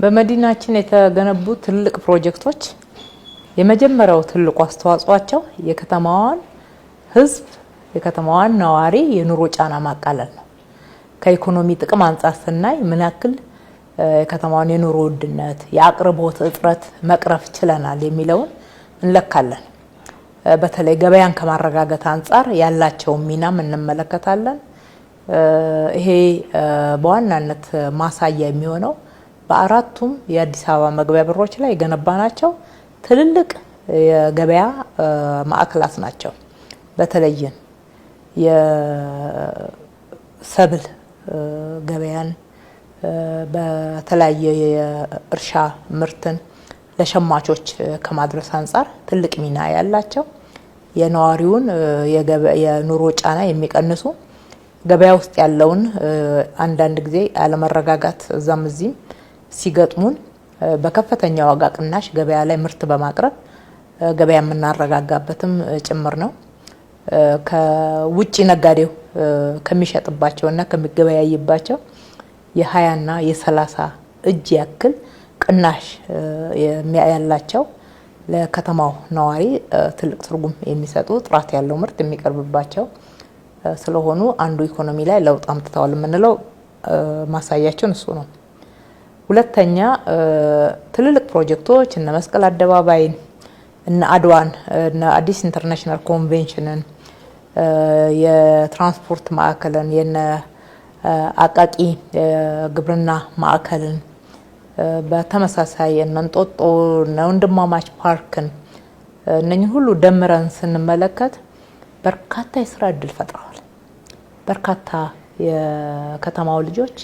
በመዲናችን የተገነቡ ትልቅ ፕሮጀክቶች የመጀመሪያው ትልቁ አስተዋጽኦአቸው የከተማዋን ህዝብ የከተማዋን ነዋሪ የኑሮ ጫና ማቃለል ነው። ከኢኮኖሚ ጥቅም አንጻር ስናይ ምን ያክል የከተማዋን የኑሮ ውድነት፣ የአቅርቦት እጥረት መቅረፍ ችለናል የሚለውን እንለካለን። በተለይ ገበያን ከማረጋገት አንጻር ያላቸውን ሚናም እንመለከታለን። ይሄ በዋናነት ማሳያ የሚሆነው በአራቱም የአዲስ አበባ መግቢያ በሮች ላይ የገነባ ናቸው። ትልልቅ የገበያ ማዕከላት ናቸው። በተለይም የሰብል ገበያን በተለያየ የእርሻ ምርትን ለሸማቾች ከማድረስ አንጻር ትልቅ ሚና ያላቸው የነዋሪውን የኑሮ ጫና የሚቀንሱ ገበያ ውስጥ ያለውን አንዳንድ ጊዜ አለመረጋጋት እዛም እዚህም ሲገጥሙን በከፍተኛ ዋጋ ቅናሽ ገበያ ላይ ምርት በማቅረብ ገበያ የምናረጋጋበትም ጭምር ነው። ከውጭ ነጋዴው ከሚሸጥባቸውና ከሚገበያይባቸው የሀያና የሰላሳ እጅ ያክል ቅናሽ ያላቸው ለከተማው ነዋሪ ትልቅ ትርጉም የሚሰጡ ጥራት ያለው ምርት የሚቀርብባቸው ስለሆኑ አንዱ ኢኮኖሚ ላይ ለውጥ አምጥተዋል የምንለው ማሳያቸውን እሱ ነው። ሁለተኛ ትልልቅ ፕሮጀክቶች እነ መስቀል አደባባይን እነ አድዋን እነ አዲስ ኢንተርናሽናል ኮንቬንሽንን የትራንስፖርት ማዕከልን የነ አቃቂ ግብርና ማዕከልን በተመሳሳይ እነ እንጦጦ እነ ወንድማማች ፓርክን እነኝህ ሁሉ ደምረን ስንመለከት በርካታ የስራ እድል ፈጥረዋል። በርካታ የከተማው ልጆች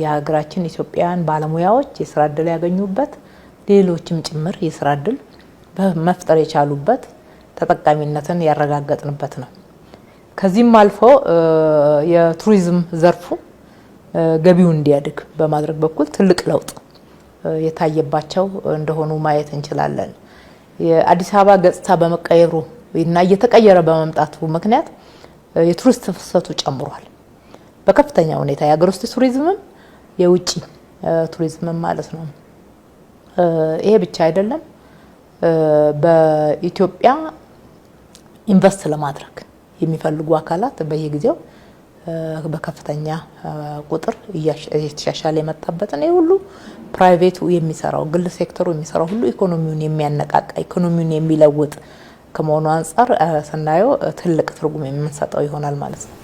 የሀገራችን ኢትዮጵያውያን ባለሙያዎች የስራ እድል ያገኙበት ሌሎችም ጭምር የስራ እድል መፍጠር የቻሉበት ተጠቃሚነትን ያረጋገጥንበት ነው። ከዚህም አልፎ የቱሪዝም ዘርፉ ገቢው እንዲያድግ በማድረግ በኩል ትልቅ ለውጥ የታየባቸው እንደሆኑ ማየት እንችላለን። የአዲስ አበባ ገጽታ በመቀየሩ እና እየተቀየረ በመምጣቱ ምክንያት የቱሪስት ፍሰቱ ጨምሯል። በከፍተኛ ሁኔታ የሀገር ውስጥ ቱሪዝምም የውጭ ቱሪዝምም ማለት ነው። ይሄ ብቻ አይደለም። በኢትዮጵያ ኢንቨስት ለማድረግ የሚፈልጉ አካላት በየጊዜው በከፍተኛ ቁጥር እየተሻሻለ የመጣበትን ይህ ሁሉ ፕራይቬቱ የሚሰራው ግል ሴክተሩ የሚሰራው ሁሉ ኢኮኖሚውን የሚያነቃቃ ኢኮኖሚውን የሚለውጥ ከመሆኑ አንጻር ስናየው ትልቅ ትርጉም የምንሰጠው ይሆናል ማለት ነው።